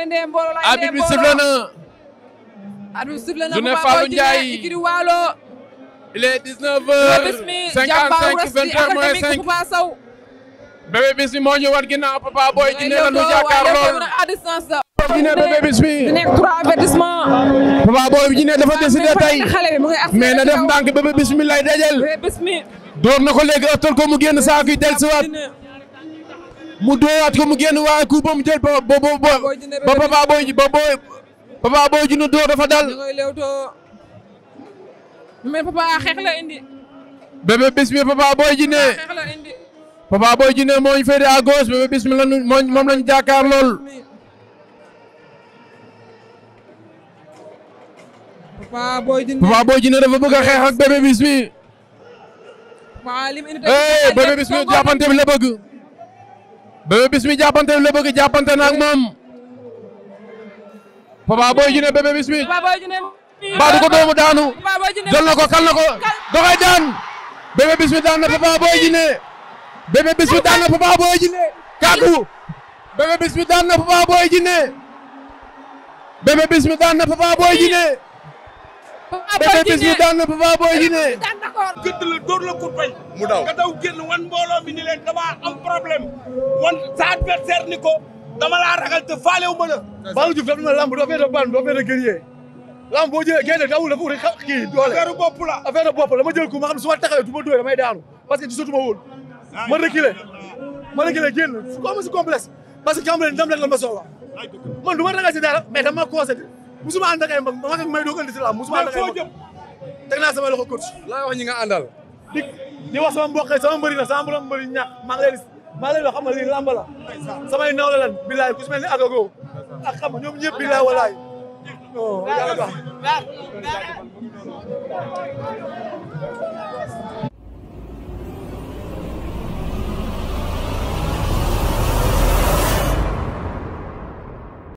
lay ndee mbooloo lay ndee mbooloo bi sifflé na. arbitre Bébé Bismi moo ñu jàkkaarlool Djiné Bébé Papa Boy Djiné dafa décidé tey mais na def ndànk Bébé Bismi lay dajal na ko léegi ko mu génn saako yi dellusiwaat mu dóoraat ko mu génn waaye ku ba mu jël ba ba ba Papa Boy Djiné ba Papa Boy Djiné dóor dafa dal. mais Papa xeex la indi. Bébé Bismi Papa Boy Djiné. Papa Boy Djiné moo ñu féete à gauche Bébé Bismi la ñu moom la ñu jàkkaar lool. Papa Boy Djiné Papa Boy Djiné dafa bëgg a xeex ak Bébé Bismi. Papa Bébé Bismi jàppante bi la bëgg. Bébé Bismi jàppante la bëgg jàppante na ak moom Papa Boy Djiné Bébé Bismi ko doomu daanu jël ko kal ko doxay daan Bébé Bismi daan na Papa Boy Djiné Bébé Bismi daan na Papa Boy Djiné kàddu Bébé daan na Papa Boy Djiné Bébé Bismi daan na Papa Boy Djiné Bébé Bismi daan na Papa Boy Djiné. gëdd la dóor la kurpañ. génn wan mbooloo mi ni leen damaa am problème wan sa adversaire ni ko dama laa ragal te faale wu la. Ballou Diouf daf na lamb doo fee da ban doo fee da guerrier lamb boo jëlee génne dawul dafa wut kii doole. affaire bopp bopp la ma jël ko ma su ma taxawee du ma dóor daanu parce que gisatu ma woon. ma reculé ma reculé génn su ko ma si complexe parce que xam nga ndam rek la ma soxla man du ragal si dara mais dama constaté. musuma ànd ak ay mbag mag ak may doo ko indi si làmb musuma ànd mbag teg naa sama loxo coach laa wax ñi nga àndal di di wax sama mbokk sama mbari na sama borom ña ñàkk maa ngi leen maa leen xam nga bilaay ku mel ni agago ak xam ñoom ñëpp bilaay walaay